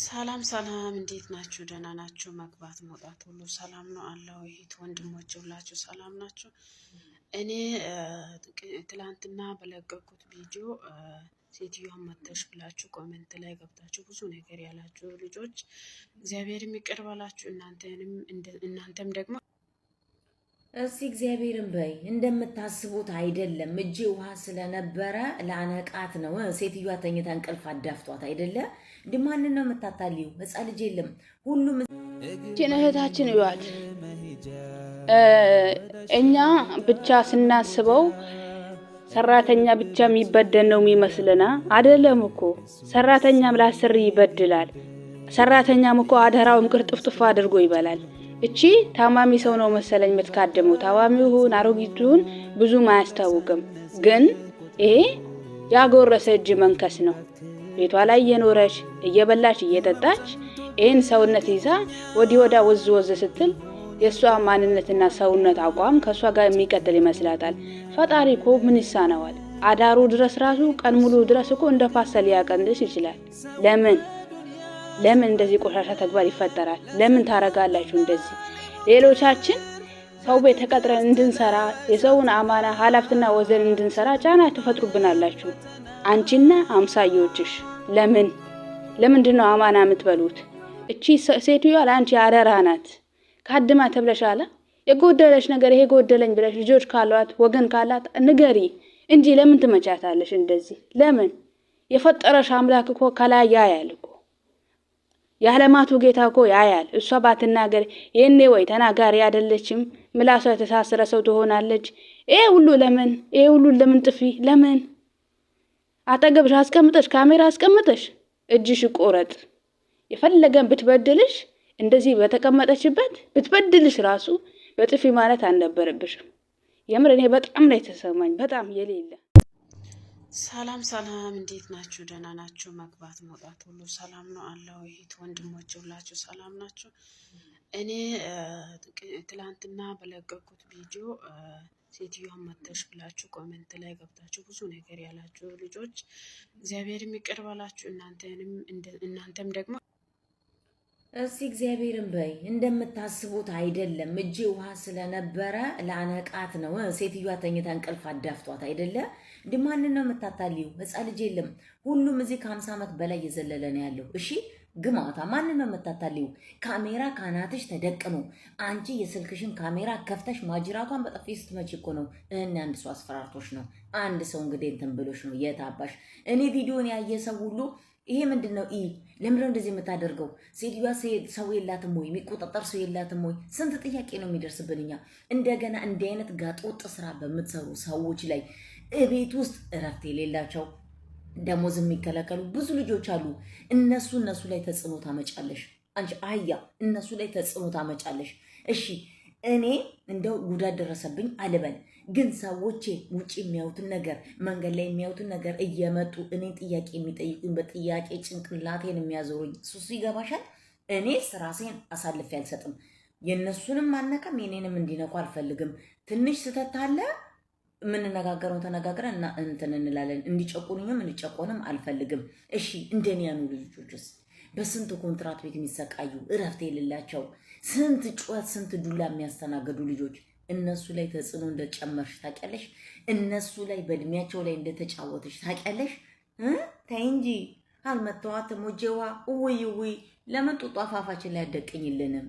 ሰላም ሰላም፣ እንዴት ናችሁ? ደህና ናችሁ? መግባት መውጣት ሁሉ ሰላም ነው አለው። ይሄት ወንድሞች ሁላችሁ ሰላም ናችሁ? እኔ ትላንትና በለቀኩት ቪዲዮ ሴትዮዋን መተሽ ብላችሁ ኮሜንት ላይ ገብታችሁ ብዙ ነገር ያላችሁ ልጆች እግዚአብሔር ይቅር በላችሁ። እናንተም ደግሞ እስቲ እግዚአብሔርን በይ እንደምታስቡት አይደለም። እጅ ውሃ ስለነበረ ለአነቃት ነው። ሴትዮዋ ተኝታ እንቅልፍ አዳፍቷት አይደለም ማንን ነው የምታታልዩ? ህፃን ልጅ የለም። ሁሉም ችን እህታችን ይዋል እኛ ብቻ ስናስበው ሰራተኛ ብቻ የሚበደል ነው የሚመስልና አደለም እኮ ሰራተኛም ላስር ይበድላል። ሰራተኛም እኮ አደራውም ጥፍጥፍ አድርጎ ይበላል። እቺ ታማሚ ሰው ነው መሰለኝ የምትካደመው። ታማሚውን አሮጊቱን ብዙም አያስታውቅም፣ ግን ይሄ ያጎረሰ እጅ መንከስ ነው። ቤቷ ላይ እየኖረች እየበላች እየጠጣች ይህን ሰውነት ይዛ ወዲህ ወዳ ወዝ ወዝ ስትል የእሷ ማንነትና ሰውነት አቋም ከእሷ ጋር የሚቀጥል ይመስላታል። ፈጣሪ እኮ ምን ይሳነዋል? አዳሩ ድረስ ራሱ ቀን ሙሉ ድረስ እኮ እንደ ፓስታ ሊያቀንስ ይችላል። ለምን ለምን እንደዚህ ቆሻሻ ተግባር ይፈጠራል? ለምን ታረጋላችሁ እንደዚህ ሌሎቻችን ሰው ቤት ተቀጥረን እንድንሰራ የሰውን አማና ኃላፊትና ወዘን እንድንሰራ ጫና ትፈጥሩብናላችሁ። አንቺና አምሳዮችሽ ለምን ለምንድን ነው አማና የምትበሉት? እቺ ሴትዮዋ ለአንቺ አደራ ናት። ካድማ ተብለሻለ የጎደለሽ ነገር ይሄ ጎደለኝ ብለሽ ልጆች ካሏት ወገን ካላት ንገሪ እንጂ ለምን ትመቻታለሽ እንደዚህ? ለምን የፈጠረሽ አምላክ እኮ ከላይ ያያል የዓለማቱ ጌታ እኮ ያያል። እሷ ባትናገር ይህኔ ወይ ተናጋሪ አይደለችም፣ ምላሷ የተሳሰረ ሰው ትሆናለች። ይሄ ሁሉ ለምን? ይሄ ሁሉ ለምን? ጥፊ ለምን? አጠገብሽ አስቀምጠሽ ካሜራ አስቀምጠሽ እጅሽ ቆረጥ። የፈለገን ብትበድልሽ እንደዚህ በተቀመጠችበት ብትበድልሽ ራሱ በጥፊ ማለት አልነበረብሽም። የምር እኔ በጣም ነው የተሰማኝ፣ በጣም የሌለ ሰላም ሰላም፣ እንዴት ናችሁ? ደህና ናችሁ? መግባት መውጣት ሁሉ ሰላም ነው አለው። ይሄት ወንድሞች ሁላችሁ ሰላም ናችሁ? እኔ ትላንትና በለቀኩት ቪዲዮ ሴትዮዋን መተሽ ብላችሁ ኮሜንት ላይ ገብታችሁ ብዙ ነገር ያላችሁ ልጆች እግዚአብሔር የሚቀርባላችሁ እናንተንም እናንተም ደግሞ እስቲ እግዚአብሔርን በይ እንደምታስቡት አይደለም። እጄ ውሃ ስለነበረ ለአነቃት ነው። ሴትዮዋ ተኝታ እንቅልፍ አዳፍቷት አይደለ? ድማንን ነው የምታታልዩ? ህፃን ልጅ የለም። ሁሉም እዚህ ከሀምሳ ዓመት በላይ እየዘለለ ነው ያለው። እሺ ግማታ ማንን ነው የምታታልዩ? ካሜራ ካናትሽ ተደቅኖ አንቺ የስልክሽን ካሜራ ከፍተሽ ማጅራቷን በጠፊ ስትመጪ እኮ ነው። እህን አንድ ሰው አስፈራርቶች ነው። አንድ ሰው እንግዲህ እንትን ብሎሽ ነው። የታባሽ እኔ ቪዲዮን ያየ ሰው ሁሉ ይሄ ምንድን ነው? ኢ ለምንድነው እንደዚህ የምታደርገው? ሴትዮዋ ሰው የላትም ወይ? የሚቆጣጠር ሰው የላትም ወይ? ስንት ጥያቄ ነው የሚደርስብን እኛ። እንደገና እንዲህ አይነት ጋጦጥ ስራ በምትሰሩ ሰዎች ላይ እቤት ውስጥ እረፍት የሌላቸው ደሞዝ የሚከለከሉ ብዙ ልጆች አሉ። እነሱ እነሱ ላይ ተጽዕኖ ታመጫለሽ አንቺ አህያ፣ እነሱ ላይ ተጽዕኖ ታመጫለሽ። እሺ እኔ እንደው ጉዳት ደረሰብኝ አልበል ግን ሰዎቼ ውጭ የሚያዩትን ነገር መንገድ ላይ የሚያዩትን ነገር እየመጡ እኔን ጥያቄ የሚጠይቁኝ በጥያቄ ጭንቅላቴን የሚያዞሩኝ ሱሱ ይገባሻል። እኔ ስራሴን አሳልፌ አልሰጥም። የእነሱንም ማነቀም የኔንም እንዲነኩ አልፈልግም። ትንሽ ስህተት አለ የምንነጋገረው ተነጋግረን እና እንትን እንላለን። እንዲጨቁንኝም እንዲጨቆንም አልፈልግም። እሺ እንደኔ ያኑ ልጆችስ በስንት ኮንትራት ቤት የሚሰቃዩ እረፍት የሌላቸው ስንት ጩኸት ስንት ዱላ የሚያስተናገዱ ልጆች እነሱ ላይ ተጽዕኖ እንደጨመርሽ ታውቂያለሽ። እነሱ ላይ በእድሜያቸው ላይ እንደተጫወተሽ ታውቂያለሽ። ተይ እንጂ አልመተዋትም። ሞጄዋ እውይ እውይ ለምን ጡጧ አፋፋችን ላይ አደቅኝልንም?